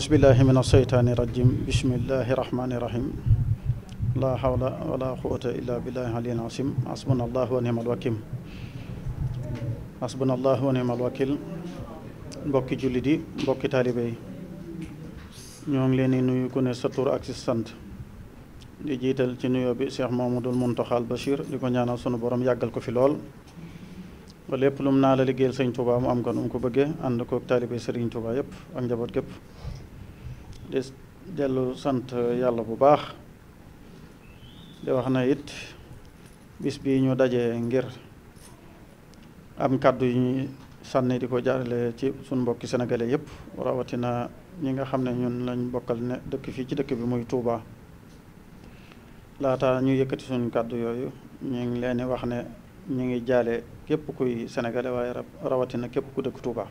asbillahi min alsheytaani irajim bismillahi irahmani irahim la hawla wala quwata illa billahi aliyil asim hasbuna allahu wa nimal wakim hasbuna allahu wa nimal wakil mbokki jullit mbokki taalibe yi ñoo ngi leen di nuyu ku ne sa tur ak jiital ci nuyoo bi Cheikh Mamadul Muntaxal Bachir di ko ñaanal sunu borom yàggal ko fi lool ba lépp lum naa la liggéeyal sëñ Touba mu am ko nu mu ko bëggee ànd koog taalibe Serigne Touba yëpp ak njaboot gépp di dellu sant yàlla bu baax de wax na it bis bi ñu dajee ngir am kàddu yu ñuy sànni di ko jaarale ci suñ mbokki sénégalais yëpp rawatina ñi nga xam ne ñun lañ bokkal ne dëkk fii ci dëkk bi muy Touba laata ñu yëkkati suñ kàddu yooyu ñu ngi leen di wax ne ñu ngi jaale képp kuy sénégalais waaye rawatina képp ku dëkk Touba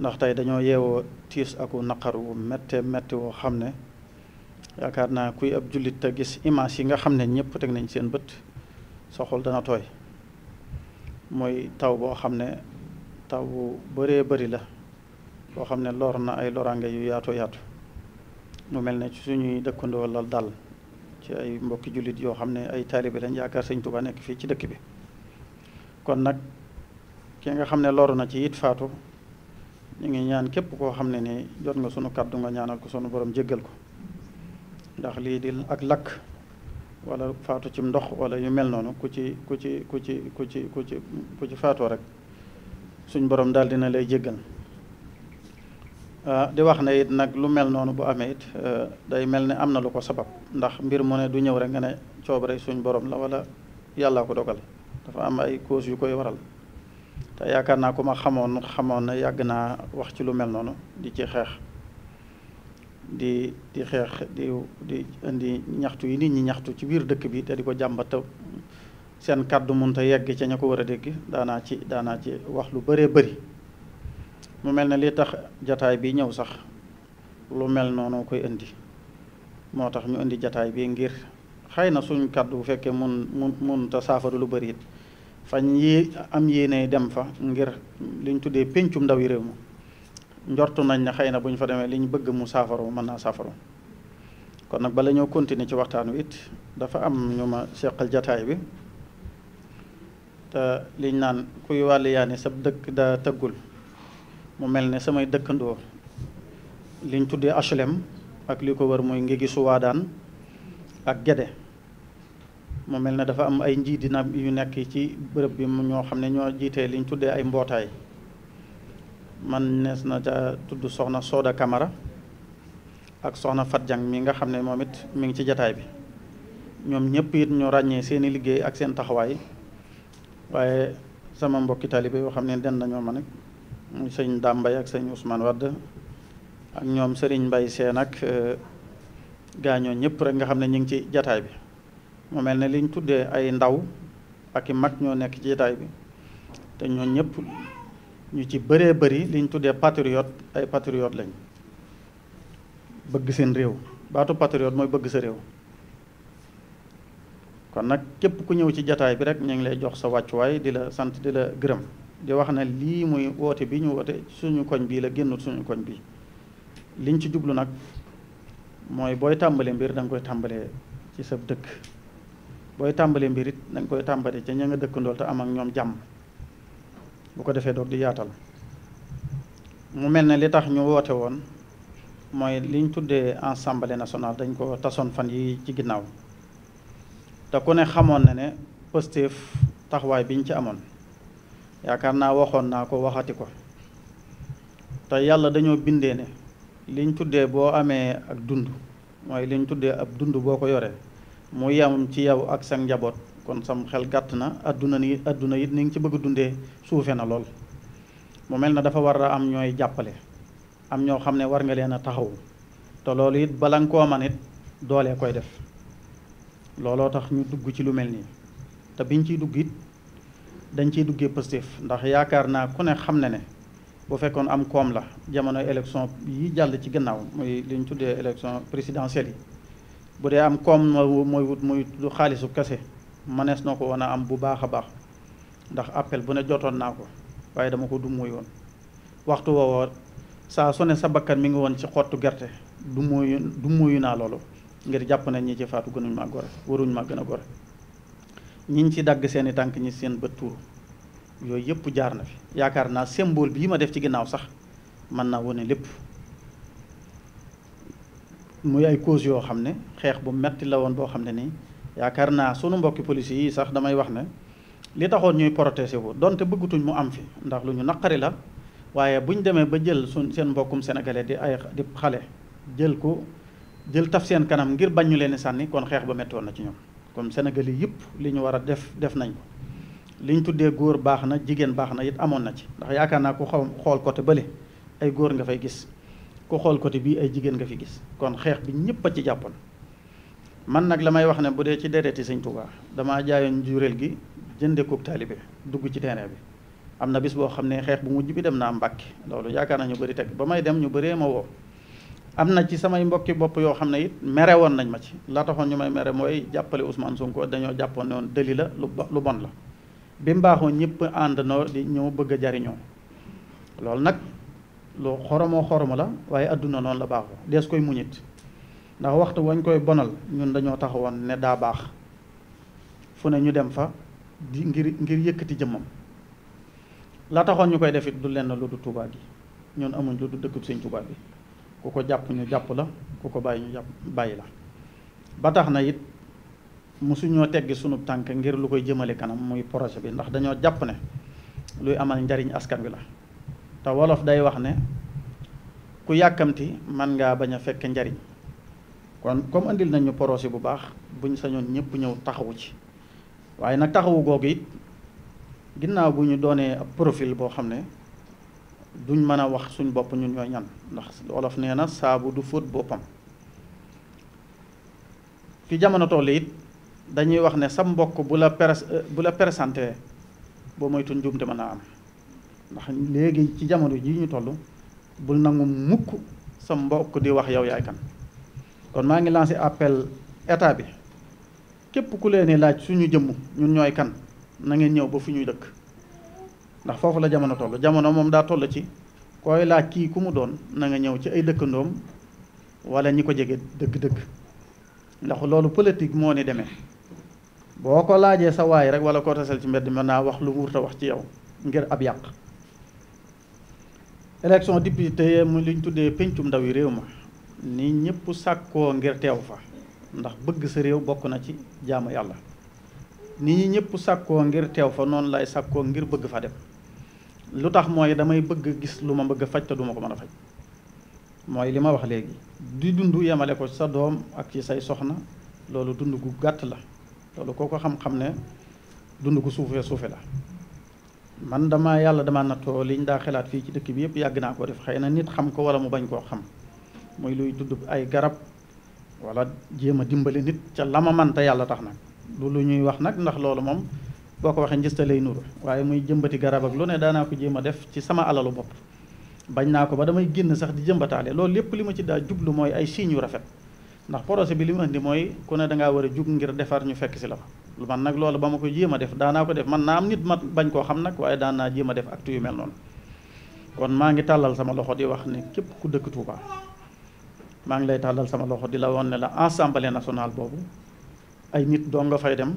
ndax tey dañoo yewoo tiis aku naqar wu métte métti woo xam ne yaakaar naa kuy ab jullit te gis image yi nga xam ne ñëpp teg nañ seen bët soxol dana tooy mooy taw boo xam ne taw bu bëree bëri la boo xam ne lor na ay loraange yu yaatu yaatu mu mel ne ci suñuy dëkkandoo la daal ci ay mbokki jullit yoo xam ne ay taalibe lañ yaakaar sëñ Tuubaa nekk fii ci dëkk bi kon nag ki nga xam ne loru na ci it faatu ñu ngi ñaan képp koo xam ne ni jot nga sunu kàddu nga ñaanal ko sunu borom jéggal ko ndax lii di ak lakk walla faatu ci ndox wala yu mel noonu ku ci ku ci ku ci ku ci ku ci ku ci faatoo rek suñ borom daal dina lay jéggal ah, di wax ne yit nag lu mel noonu bu amee it ah, day mel ne am na lu ko sabab ndax mbir mu ne du ñëw rek nga ne coobare suñ borom la wala yàllaa ko dogal dafa am ay cause yu koy waral te yaakaar naa ku ma xamoon xamoon na yàgg naa wax ci lu mel noonu di ci xeex di di xeex di di indi ñaxtu yi nit ñi ñaxtu ci biir dëkk bi te di ko jàmbata seen kàddu munta yegg ci ña ko war a dégg daanaa ci daanaa ci wax lu bëree bari mu mel na li tax jataay bi ñëw sax lu mel noonu koy indi moo tax ñu indi jataay bi ngir xëy na suñ kàddu bu fekkee mun mun munta saafara lu bari it fañ yi am yéene dem fa ngir liñ tuddee péncum ndaw yi réew ma njortu nañ ne xëy na bu ñu fa demee li ñu bëgg mu saafaro mën naa saafaro kon nag bala ñoo continuer ci waxtaan wi dafa am ñu ma seqal jataay bi te liñ naan kuy wàllu yaa ne sa dëkk daa tëggul mu mel ni samay dëkkandoo liñ tuddee HLM ak li ko wër mooy ngi daan ak Gede mu mel na dafa am ay njiit nag yu nekk ci bërëb bi ñoo xam ne ñoo jiitee liñ tuddee ay mbootaay man nees na tudd soxna Soda kamara ak soxna Fat Jang mi nga xam ne moom it mi ngi ci jataay bi ñoom ñëpp it ñu ràññee seeni liggéey ak seen taxawaay waaye sama mbokki yoo xam ne den nañoo ma nag muy sëñ Dambay ak sëñ Ousmane ak ñoom Serigne Mbaye seen ak euh, gaañoo ñëpp rek nga xam ne ñu ngi ci jataay bi mu mel ne liñ tuddee ay ndaw ak i mag ñoo nekk ci jataay bi te ñoo ñëpp ñu ci bëree bëri liñ tuddee patriote ay patriote lañ bëgg seen réew baatu patriote mooy bëgg sa réew kon nag képp ku ñëw ci jataay bi rek ñu ngi lay jox sa wàccuwaay di la sant di la gërëm di wax ne lii muy woote bi ñu woote suñu koñ bii la génnut suñu koñ bii liñ ci jublu nag mooy booy tàmbale mbir da koy tàmbalee ci sa dëkk booy tàmbali mbir it na koy tàmbali ca ña nga dëkkandool te am ak ñoom jàmm bu ko defee doog di yaatal mu mel ne li tax ñu woote woon mooy liñ tuddee assemblée nationale dañ ko tasoon fan yi ci ginnaaw te ku ne xamoon na ne Pastef taxawaay biñ ci amoon yaakaar naa waxoon naa ko waxati ko te yàlla dañoo bindee ne liñ tuddee boo amee ak dund mooy liñ tuddee ab dund boo ko yoree mu yem ci yow ak sa njaboot kon sam xel gàtt na adduna nii adduna it ni ngi ci bëgg dundee suufe na lool mu mel na dafa war a am ñooy jàppale am ñoo xam ne war nga leen a taxaw te loolu it bala nga koo doolee koy def looloo tax ñu dugg ci lu mel nii te biñ ciy dugg it dañ ciy duggee positif ndax yaakaar naa ku ne xam ne ne bu fekkoon am koom la jamono élection yi jàll ci gannaaw muy li tuddee élection présidentielle yi bu dee am koom mooy wut mooy du xaalisu kese mënees na ko woon a am bu baax a baax ndax appel bu ne jotoon naa ko waaye dama ko dummuy woon waxtu woowoo saa su ne sa bakkan mi ngi woon ci xottu gerte du muyu du muyu naa loolu ngir jàpp ne ñi ci faatu gënuñ maa gore waruñ maa gën a gore ñiñ ci dagg seeni tànk ñi seen bët tuuru yooyu yëpp jaar na fi yaakaar naa bi yi ma def ci ginnaaw sax mën naa wone lépp muy ay cause yoo xam ne xeex bu metti la woon boo xam ne nii yaakaar naa sunu mbokki police yi sax damay wax ne li taxoon ñuy protesté wu donte bëggatuñ mu am fi ndax lu ñu naqari la waaye bu ñu demee ba jël suñ seen mbokkum sénégalais di ay di xale jël ko jël taf seen kanam ngir bañ ñu leen sànni kon xeex ba méttoon na ci ñoom kon sénégalais yëpp li ñu war a def def nañ ko li ñu tuddee góor baax na jigéen baax na it amoon na ci ndax yaakaar naa ko xaw xool côté bële ay góor nga gis ku xool côté bii ay jigéen nga fi gis kon xeex bi ñëpp a ci jàppoon man nag la may wax ne bu dee ci dereeti sëñ Touba damaa jaayoon njuréel gi jënde ko taalibe dugg ci terrain bi am na bis boo xam ne xeex bu mujj bi dem naa Mbàkke loolu yaakaar naa ñu bëri teg ba may dem ñu bëree ma woo am na ci samay mbokki bopp yoo xam ne it mere woon nañ ma ci la taxoon ñu may mere mooy jàppale Ousmane Sonko dañoo jàppoon ne woon dëli la lu bon la bi mbaaxoo ñëpp ànd di ñëw bëgg a jariñoo lu xoromoo xoromu la waaye àdduna noon la baaxoo dees koy muñit ndax waxtu wañ koy bonal ñun dañoo taxawoon ne daa baax fu ne ñu dem fa di ngir ngir yëkkati jëmmam la taxoon ñu koy def it du lenn lu du Tuubaa gi ñun amuñ lu dëkku dëkkub Sëñ Tuubaa bi ku ko jàpp ñu jàpp la ku ko bàyyi ñu jàpp bàyyi la ba tax na it mosuñoo teggi sunub tànk ngir lu koy jëmale kanam muy projet bi ndax dañoo jàpp ne luy amal njariñ askan wi la te wolof day wax ne ku yàkkamti man ngaa bañ a fekk njariñ kon comme andil nañu projet bu baax buñ sañoon ñëpp ñëw taxawu ci waaye nag taxawu googu it ginnaaw bu ñu doonee ab boo xam ne duñ mën a wax suñ bopp ñun ñooy ñan ndax wolof nee na saabu du fóot boppam fi jamono toll it dañuy wax ne sam mbokk bu la pres bu la présenté boo moytu njuumte mën naa am ndax léegi ci jamono ji ñu toll bul nangu mukk sa mbokk di wax yow yaay kan kon maa ngi lancé appel état bi képp ku leen laaj suñu jëmm ñun ñooy kan na ngeen ñëw ba fu ñuy dëkk ndax foofu la jamono toll jamono moom daa toll ci koy laaj kii ku mu doon na nga ñëw ci ay dëkkandoom wala ñi ko jege dëkk dëkk ndax loolu politique moo ni demee boo ko laajee sa waay rek wala koo tasal ci mbedd mën naa wax lu mu wurta wax ci yow ngir ab yàq élection député mu li tuddee pencum ndaw yi réew ma ñëpp sàkkoo ngir teew fa ndax bëgg sa réew bokk na ci jaamu yàlla ni ñi ñëpp sàkkoo ngir teew fa noonu lay sàkkoo ngir bëgg fa dem lu tax mooy damay bëgg gis lu ma bëgg a ko mën a faj mooy li ma wax léegi di dund yemale ko sa doom ak ci say soxna loolu dund gu gàtt la loolu koo ko xam-xam ne dund ku suufe suufe la man dama yàlla dama nattoo liñ daa xalaat fii ci dëkk bi yëpp yàgg naa ko def xëy na nit xam ko wala mu bañ koo xam muy luy tudd ay garab wala jéem a dimbali nit ca la ma man yàlla tax na lu lu ñuy wax nag ndax loolu moom boo ko waxee njësta lay nuru waaye muy jëmbati garab ak lu ne daanaa ko jéem a def ci sama alalu bopp bañ naa ko ba damay génn sax di jëmbataale loolu lépp li ma ci daa jublu mooy ay signes yu rafet ndax projet bi li mu indi mooy ku ne dangaa war a jug ngir defar ñu fekk si la lu man nag loolu ba ma ko jéem a def daanaa ko def man naa am nit ma bañ koo xam nag waaye daanaa naa jéem a def acte yu mel noonu kon maa ngi tàllal sama loxo di wax ne képp ku dëkk Touba maa ngi lay tàllal sama loxo di la woon ne la assemblée nationale boobu ay nit doo nga fay dem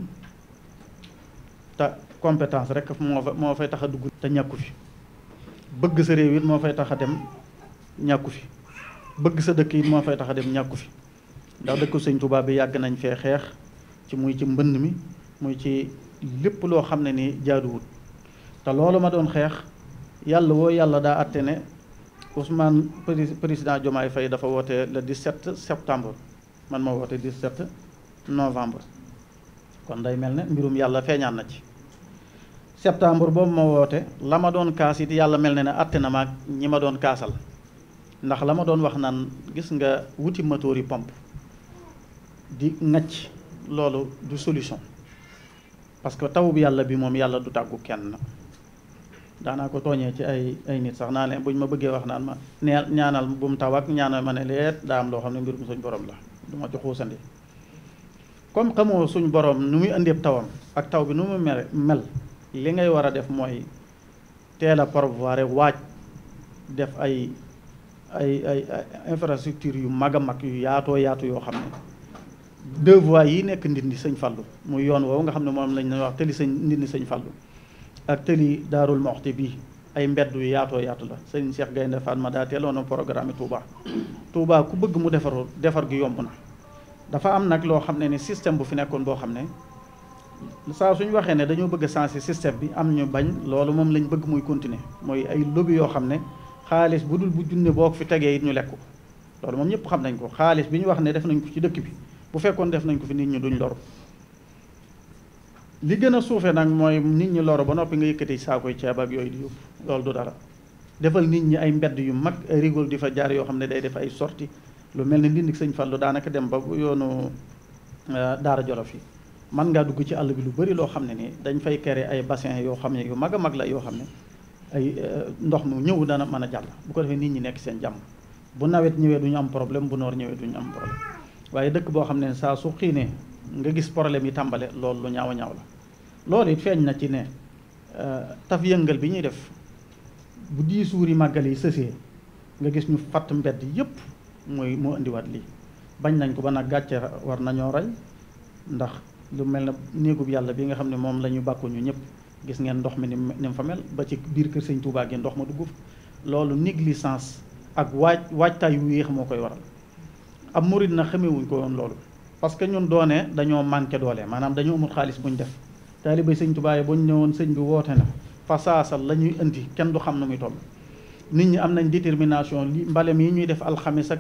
te compétence rek moo fa moo fay tax a dugg te ñàkku fi bëgg sa réew it moo fay tax a dem ñàkku fi bëgg sa dëkk it moo fay tax a dem ñàkku fi ndax dëkku sëñ Touba bi yàgg nañ fee xeex ci muy ci mbënd mi muy ci lépp loo xam ne ni jaaduwut te loolu ma doon xeex yàlla woo yàlla daa àtte ne Ousmane président Diomaye Faye dafa woote le 17 septembre man ma woote di set novembre kon day mel ne mbirum yàlla feeñaan na ci septembre boobu ma woote la ma doon kaas yi it yàlla mel ne ne àtte na maag ñi ma doon kaasal ndax la ma doon wax naan gis nga wuti motoori pompe di ŋacc loolu du solution parce que taw bi yàlla bi moom yàlla du tàggu kenn daanaa ko tooñee ci ay ay nit sax naa leen buñ ma bëggee wax naan ma nee ñaanal bu mu taw ak ñaanal ma ne leet daa am loo xam ne mbirum suñ borom la du ma ci xuusandi comme xamoo suñ borom nu muy indee tawam ak taw bi nu mu mere mel li ngay war a def mooy teel a prévoir waaj def ay ay ay infrastructure yu mag a mag yu yaatoo yaatu yoo xam ne deux voies yi nekk Ndindi sëñ Fallou muy yoon woowu nga xam ne moom lañ na wax tëli sëñ Ndindi sëñ Fallou ak tëli Daarul Moxti bii ay mbedd yu yaatoo yaatu la sëñ Cheikh Gaynde Fatma daa teeloon a programme Touba Touba ku bëgg mu defaru defar gi yomb na dafa am nag loo xam ne ni système bu fi nekkoon boo xam ne saa suñu waxee ne dañoo bëgg a changer bi am ñu bañ loolu moom lañ bëgg muy continuer mooy ay lobby yoo xam ne xaalis bu dul bu junne boo fi tegee it ñu lekk loolu moom ñëpp xam nañ ko xaalis bi ñu wax ne def nañ ci dëkk bi bu fekkoon def nañ ko fi nit ñi duñ loru li gën a suufe nag mooy nit ñi loru ba noppi nga yëkkati saakoy ceeb ak yooyu di loolu du dara defal nit ñi ay mbedd yu mag ay rigol di fa jaar yoo xam ne day def ay sorti lu mel ni ndindik sëñ Fallu daanaka dem ba yoonu euh, daara jolof yi man ngaa dugg ci àll bi lu bari loo xam ne nii dañ fay kere ay bassin yoo xam ne yu mag a mag la yoo xam ne ay euh, ndox mu ñëw dana mën a jàll bu ko defee nit ñi nekk seen jàmm bu nawet ñëwee du ñu bu noor ñëwee du am problème waaye dëkk boo xam ne saa su xiinee nga gis problème yi tàmbale loolu lu ñaaw a ñaaw la loolu it feeñ na ci ne euh, taf yëngal bi ñuy def bu dii suuri màggal yi sësee nga gis ñu fatt mbedd yépp mooy moo indiwaat lii bañ nañ ko ba nag gàcce war nañoo rey ndax lu mel na néegub yàlla bi nga xam ne moom la bàkkuñu bàkku ñëpp gis ngeen ndox mi ni mu fa mel ba ci biir kër sëñ Tuubaa gi ndox ma dugg fa loolu négligence ak waaj waajtaay yu yéex moo koy waral am murid na xamewuñ ko woon loolu parce que ñun doonee dañoo manqué doole maanaam dañu amul xaalis ñu def taaliba sëñ Tuubaa yi buñ woon sëñ bi woote na fa saasal la ñuy indi kenn du xam nu muy toll nit ñi am nañ détermination li mbalem yi ñuy def alxames ak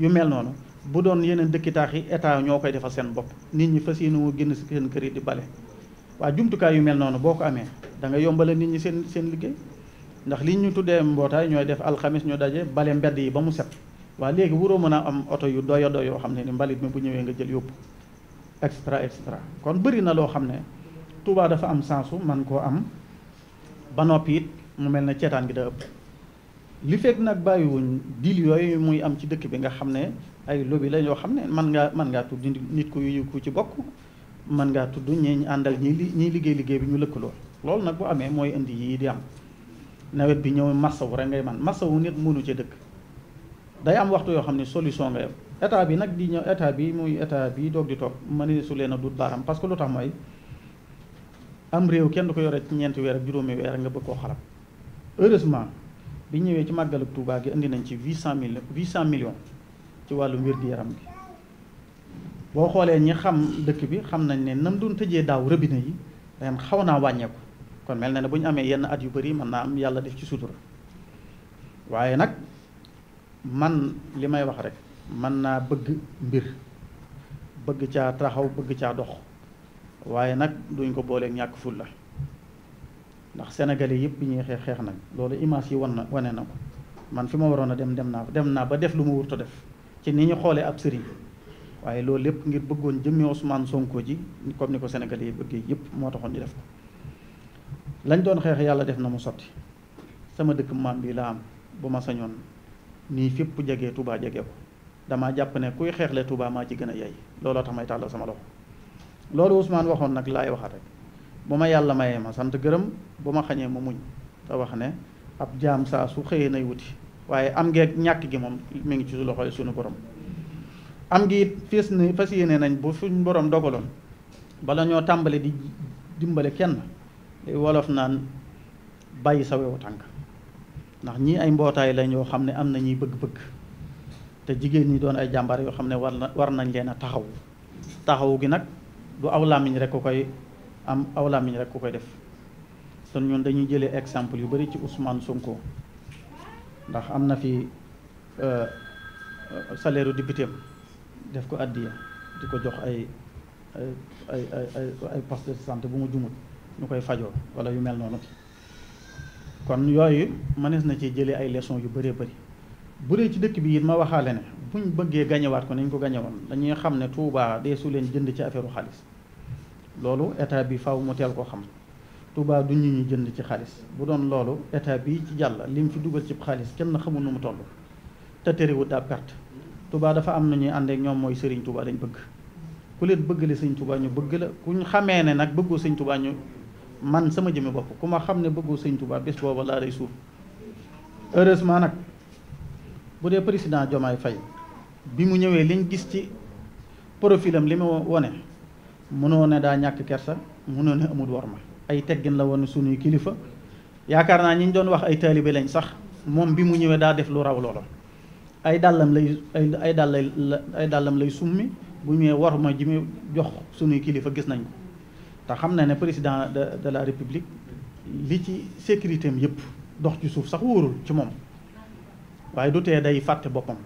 yu mel noonu bu doon yeneen dëkki taax yi état ñoo koy defal seen bopp nit ñi fas yéene woo génn seen kër di bale waa jumtukaay yu mel noonu boo ko amee da nga yombale nit ñi seen seen liggéey ndax li ñu tuddee mbootaay ñooy def alxames ñu daje bale mbedd yi ba mu set waa léegi waroo mën a am oto yu doya yoo xam ne ni mbalit mi bu ñëwee nga jël yóbbu extra extra kon bëri na loo xam ne Touba dafa am sensu man koo am ba noppi it mu mel ne ceetaan gi da ëpp li fekk nag bàyyiwuñ dil yooyu muy am ci dëkk bi nga xam ne ay lobby la yoo xam ne man ngaa mën ngaa tudd nit ku yu ku ci bokk mën ngaa tudd ñi àndal ñi li ñiy liggéey liggéey bi ñu lëkkaloo lool nag bu amee mooy indi yii di am nawet bi ñëw masawu rek ngay man masawu nit mënu ci dëkk day am waxtu yoo xam ne solution nga yam état bi nag di ñëw état bi muy état bi doog di toog mëne su leen a dut baaram parce que lu tax mooy am réew kenn du ko yore ci ñeenti weer ak juróomi weer nga bëgg koo xarab heureusement bi ñëwee ci màggalu Touba gi indi nañ ci huit cent mille huit cent millions ci wàllum mbir di yaram gi boo xoolee ñi xam dëkk bi xam nañ ne nam doon tëjee daaw robinet yi ren xaw naa wàññeeku kon mel na ne bu ñu amee yenn at yu bëri mën naa am yàlla def ci sutura man li may wax rek man naa bëgg mbir bëgg caa taxaw bëgg caa dox waaye nag duñ ko booleeg ñàkk ful la ndax sénégalais yëpp bi ñuy xeex xeex nag loolu image yi wan na wane na ko man fi ma waroon a dem dem naa dem naa ba def lu ma wurta def ci ni ñu xoolee ab sëriñ waaye loolu lépp ngir bëggoon jëmmi Ousmane Sonko ji comme ni ko sénégalais yi bëggee yëpp moo taxoon ñu def ko lañ doon xeex yàlla def na mu sotti sama dëkk maam bii la am bu ma sañoon nii fépp jege tubaa jege ko damaa jàpp ne kuy xeexle tubaa maa ci gën a yey looloo tax may tàllal sama loxo loolu Ousmane waxoon nag laay waxaat rek bu ma yàlla mayee ma sant gërëm bu ma xañee ma muñ te wax ne ab jaam saa su xëyee nay wuti waaye am ngeeg ñàkk gi moom mu ngi ci loxoy suñu borom am ngi it fes na fas yéene nañ bu suñu borom dogaloon bala ñoo tàmbale di dimbale kenn wolof naan bàyyi sa wewu tànk ndax ñii ay mbootaay lañ yoo xam ne am na ñuy bëgg-bëgg te jigéen ñi doon ay jàmbaar yoo xam ne war na war nañ leen a taxaw taxaw gi nag du aw làmmiñ rek ku koy am aw làmmiñ rek ku koy def son ñun dañuy jëlee exemple yu bari ci Ousmane Sonko ndax am na fi euh, euh, salaire député def ko addiya di ko jox ay ay ay ay de santé bu mu jumut ñu koy fajoo wala yu mel noonu. kon yooyu mënees na ci jëlee ay leçons yu bëree bëri bu dee ci dëkk bi it ma waxaale ne buñ bëggee gañewaat ko nañ ko gañewoon dañuy xam ne Touba dee su leen jënd ci affaire xaalis loolu état bi faw mu teel ko xam Touba du ñu ñu jënd ci xaalis bu doon loolu état bi ci jàll lim fi dugal ci xaalis kenn xamul nu mu toll te terewut daa perte Touba dafa am na ñuy ànd ñoom mooy Serigne Touba dañ bëgg ku leen bëggale Serigne Touba ñu bëgg la ku ñu xamee ne nag bëggoo Serigne ñu. man sama jëmmi bopp ku ma xam ne bëggu sëñ Touba bés booba laa lay suuf heureusement nag bu dee président Diomaye Faye bi mu ñëwee liñ gis ci profilam li mu wone mënoo ne daa ñàkk kersa mënoo ne amul war ma ay teggin la woon suñuy kilifa yaakaar naa ñi ñu doon wax ay taalibe lañ sax moom bi mu ñëwee daa def lu raw loola ay dàllam lay ay dàllam lay summi bu ñëwee ma ji mu jox suñuy kilifa gis nañ ko te xam na ne président de de la république li ci sécurité am yëpp dox ci suuf sax wóorul ci moom waaye du tee day fàtte boppam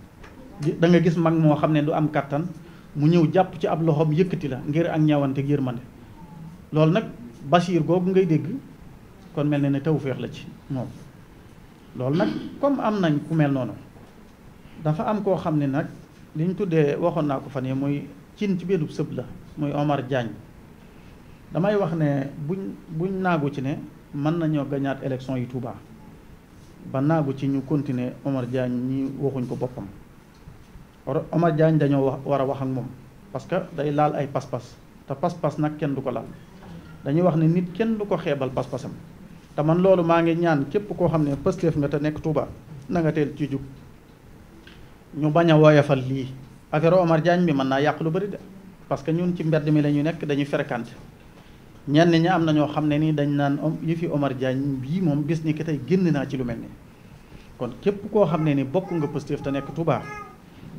da nga gis mag moo xam ne du am kàttan mu ñëw jàpp ci ab loxoom yëkkati la ngir ak ñawante ak yërmande loolu nag basiir googu ngay dégg kon mel na ne tawféex la ci moom loolu nag comme am nañ ku mel noonu dafa am koo xam ne nag liñ tuddee waxoon naa ko fan yii muy cin ci benn sëb la muy Omar Diagne damay wax ne buñ buñ naagu ci ne mën nañoo gañaat élection yu Touba ba naagu ci ñu continuer Omar Diagne ñi waxuñ ko boppam Omar Diagne dañoo wax war a wax ak moom parce que day laal ay pas-pas te pas-pas nag kenn du ko laal dañuy wax ne nit kenn du ko xeebal pas-pasam te man loolu maa ngi ñaan képp koo xam ne Pastef nga te nekk Touba nanga nga teel ci jug ñu bañ a woyofal lii affaire Omar Diagne bi mën naa yàq lu bari de parce que ñun ci mbedd mi la ñu nekk dañuy fréquenté ñenn ñi am na ñoo xam ne ni dañ naan yëfi Omar Diagne bii moom bis ni ki tey génn naa ci lu mel ni kon képp koo xam ne ni bokk nga Pastef te nekk Touba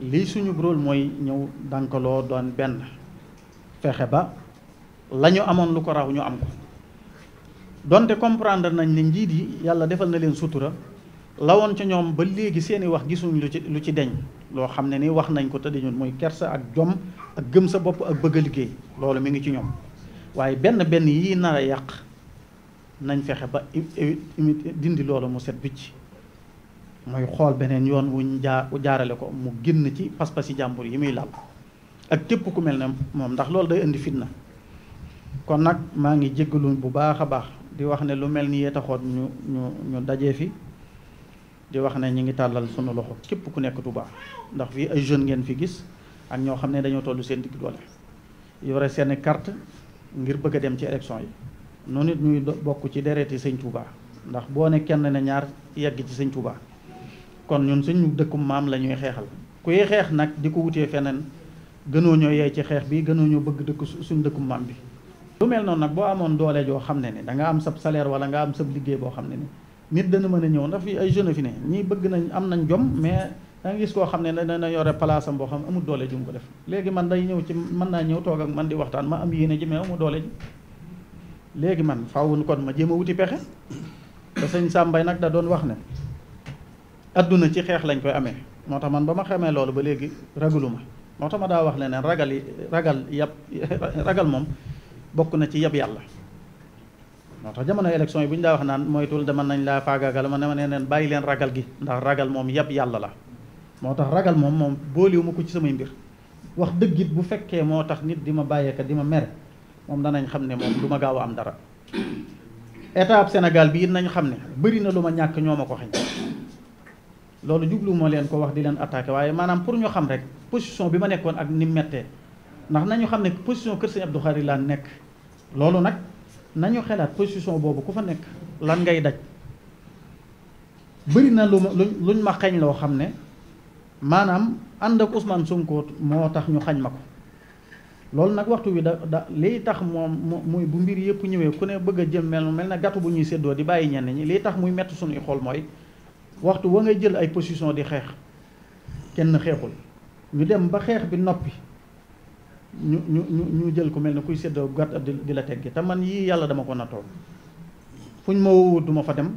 lii suñu rôle mooy ñëw dankaloo doon benn fexe ba la ñu amoon lu ko raw ñu am ko donte comprendre nañ ni njiit yi yàlla defal na leen sutura lawoon ca ñoom ba léegi seeni wax gisuñ lu ci lu ci deñ loo xam ne ni wax nañ ko te dañu mooy kersa ak jom ak gëm sa bopp ak bëgg a liggéey loolu mu ngi ci ñoom waaye benn benn yi nar yàq nañ fexe ba dindi loolu mu set bicc mooy xool beneen yoon wu jaar jaarale ko mu génn ci pas-pasi jàmbur yi muy laal ak képp ku mel ni moom ndax loolu day indi fitna kon nag maa ngi jéggalu bu baax a baax di wax ne lu mel ni yee taxoon ñu ñu ñu dajee fi di wax ne ñu ngi tàllal sunu loxo képp ku nekk baax ndax fii ay jeunes ngeen fi gis ak ñoo xam ne dañoo tollu seen digg doole yore seen carte ngir bëgg a dem ci élection yi noonu it ñuy bokk ci dereeti sëñ Touba ndax boo ne kenn ne ñaar yegg ci sëñ Touba kon ñun suñu dëkkum maam la ñuy xeexal kuy xeex nag di ko wutee feneen gënoo ñoo yey ci xeex bi gënoo ñoo bëgg dëkk suñ dëkkum maam bi. lu mel noonu nag boo amoon doole joo xam ne ni da nga am sab salaire wala nga am sab liggéey boo xam ne ni nit dana mën a ñëw ndax fi ay jeunes fi ne ñii bëgg nañu am nañ jom mais. da nga gis koo xam ne na na yore place am boo xam amul doole ju ko def léegi man day ñëw ci mën naa ñëw toog ak man di waxtaan ma am yéene ji mais amul doole ji léegi man faaw kon ma jéem wuti pexe te sëñ Sàmbay nag da doon wax ne adduna ci xeex lañ koy amee moo tax man ba ma xamee loolu ba léegi ragalu moo tax ma daa wax ne ne ragal yi ragal yab ragal moom bokk na ci yab yàlla moo tax jamono élection yi bu ñu daa wax naan moytul dama nañ laa faagaagal ma ne ma ne leen bàyyi leen ragal gi ndax ragal moom yàlla la moo tax ragal moom moom ma ko ci samay mbir wax dëgg bu fekkee moo tax nit di ma bàyyeeka di ma mere moom danañ xam ne moom du ma gaaw a am dara état ab Sénégal bi it nañ xam ne bëri na lu ma ñàkk ñoo ma ko xañ loolu jublu moo leen ko wax di leen attaqué waaye maanaam pour ñu xam rek position bi ma nekkoon ak ni mettee ndax nañu xam ne position kër sëñ Abdou Khari nekk loolu nag nañu xelaat position boobu ku fa nekk lan ngay daj bëri na lu loo xam ne maanaam ànd ak usman Sonko moo tax ñu xañ ma ko loolu nag waxtu wi da da liy tax moom muy bu mbir yëpp ñëwee ku ne bëgg a jëm mel na gàttu bu ñuy seddoo di bàyyi ñenn ñi liy tax muy metti suñuy xool mooy waxtu wa ngay jël ay position di xeex kenn xeexul ñu dem ba xeex bi noppi ñu ñu ñu jël ko mel ni kuy seddoo gàtt di la teggi te man yii yàlla dama ko nattoo fuñ ma wowut duma fa dem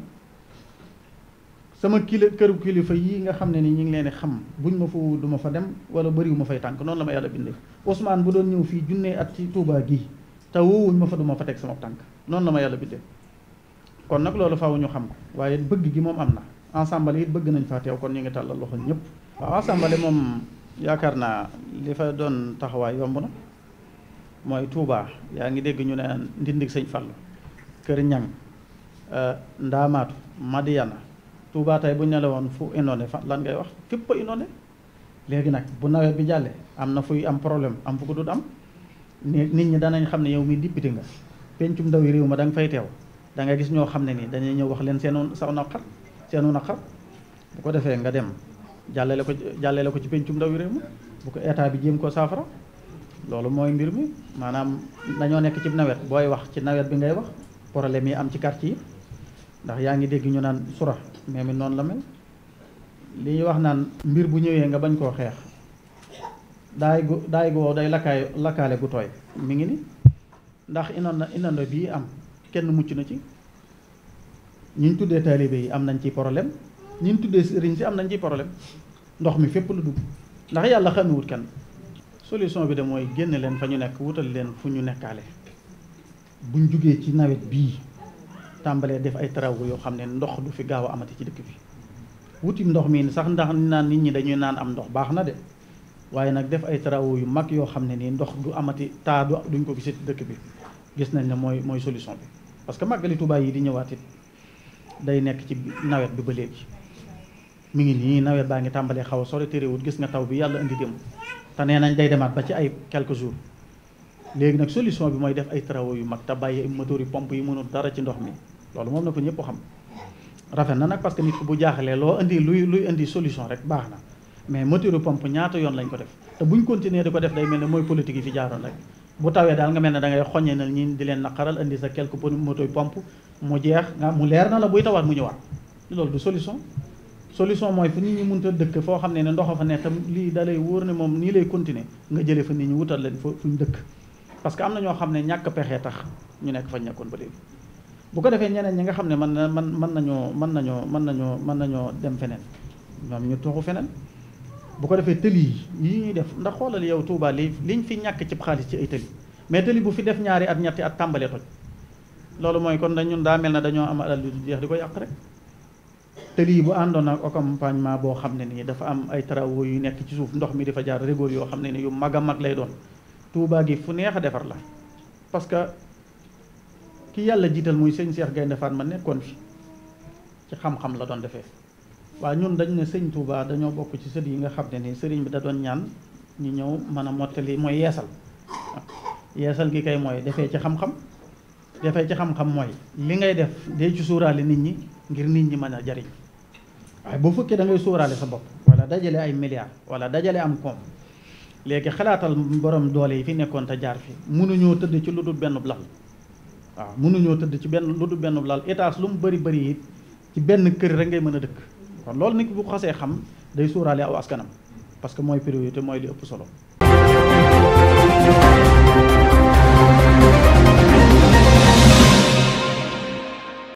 sama kili këru kilifa yi nga xam ne ni ñu ngi leen di xam buñ ma fa du ma fa dem wala bëriwu ma fay tànk noonu la ma yàlla bindee Ousmane bu doon ñëw fii junnee at ci Touba gii te woowuñ ma fa duma fa teg sama tànk noonu la ma yàlla bindee kon nag loolu faw ñu xam ko waaye bëgg gi moom am na ensemble it bëgg nañ faa teew kon ñu ngi tàllal loxo ñëpp waaw ensemble moom yaakaar naa li fa doon taxawaay yomb na mooy tuubaa yaa ngi dégg ñu ne ndindig sëñ kër Ñang euh, Ndaamaatu Madiyana Touba tey bu ñu ne woon fu inondé fa lan ngay wax fépp a inondé léegi nag bu nawet bi jàllee am na fuy am problème am fu ko nit ñi danañ xam ne yow mi député nga pencum ndaw yi réew ma da nga fay teew da gis ñoo xam ne nii dañuy ñëw wax leen seenu saw naqar seenu naqar bu ko defee nga dem jàllale ko jàllale ko ci pencum ndaw yi réew ma ko état bi jéem koo saafara loolu mooy mbir mi maanaam dañoo nekk ci nawet booy wax ci nawet bi ngay wax problème yi am ci quartier yi ndax yaa ngi dégg ñu naan sura mais mi noonu la mel li wax naan mbir bu ñëwee nga bañ koo xeex daay gu daay gu day lakkaay lakkaale gu tooy mi ngi ni ndax inonda inonda bii am kenn mucc na ci ñi ñu tuddee taalibe yi am nañ ci problème ñi ñu tuddee sëriñ si am nañ ci problème ndox mi fépp lu dugg ndax yàlla xamewut kenn solution bi de mooy génne leen fa ñu nekk wutal leen fu ñu nekkaale buñ jógee ci nawet bii tàmbalee def ay travaux yoo xam ne ndox du fi gaaw a amati ci dëkk bi wuti ndox mii sax ndax naan nit ñi dañuy naan am ndox baax na de waaye nag def ay travaux yu mag yoo xam ne nii ndox du amati taa du duñ ko gisati dëkk bi gis nañ ne mooy mooy solution bi parce que màggali Tuubaa yi di ñëwaat day nekk ci nawet bi ba léegi mi ngi nii nawet baa ngi tàmbalee xaw a sore téréwut gis nga taw bi yàlla indi démb te nee nañ day demaat ci ay quelques jours léegi nag solution bi mooy def ay travaux yu te bàyyi moteur yi pompe yi mënul dara ci ndox mi loolu moom na ko ñëpp xam rafet na nag parce que nit ku bu jaaxlee loo indi luy luy indi solution rek baax na mais moteur pompe ñaata yoon lañ ko def te buñ continuer di ko def day mel ne mooy politique yi fi jaaroon rek bu tawee daal nga mel ne da ngay xoññe na ñi di leen naqaral indi sa quelque moteur pompe mu jeex nga mu leer na la buy tawaat mu ñëwaat loolu du solution solution mooy fu nit ñi mënta dëkk foo xam ne ne ndox fa ne tam lii da lay wóor ne moom nii lay continuer nga jëlee fa nit ñi wutal leen fa fuñ dëkk parce que am na ñoo xam ne ñàkk pexe tax ñu nekk fañ nekkoon ba léegi bu ko defee ñeneen ñi nga xam ne mën na mën mën nañoo mën nañoo mën nañoo mën nañoo dem feneen ñoom ñu toxu feneen bu ko defee tëli yi ñuy def ndax xoolal yow Touba li liñ fi ñàkk ci xaalis ci ay tëli bu fi def ñaari at ñetti at loolu mooy kon dañ ñun daa mel na dañoo am alal yu jeex di ko yàq rek tëli bu àndoon ak accompagnement boo xam ne nii dafa am ay travaux yu nekk ci suuf ndox mi di fa jaar rigoor yoo xam ne ni yu mag a mag lay doon tuubaa gi fu neex a defar la ki yàlla jiital muy sëñ Cheikh Gaynde ma nekkoon fi ci xam-xam la doon defee waa ñun dañ ne sëñ tuubaa dañoo bokk ci sët yi nga xam ne ni sëriñ bi da doon ñaan ñu ñëw mën a mottali mooy yeesal yeesal gi kay mooy defee ci xam-xam defee ci xam-xam mooy li ngay def dee ci suuraale nit ñi ngir nit ñi mën a jariñ waaye bu fekkee da ngay sa bopp wala dajale ay milliards wala dajale am koom léegi xalaatal borom doole yi fi nekkoon te jaar fi mënuñoo tëdd ci lu dul lal waaw mënuñoo tëdd ci benn lu du benn laal étage lu mu bëri bëri it ci benn kër rek ngay mën a dëkk kon loolu nit bu xasee xam day suuraale aw askanam parce que mooy priorité mooy li ëpp solo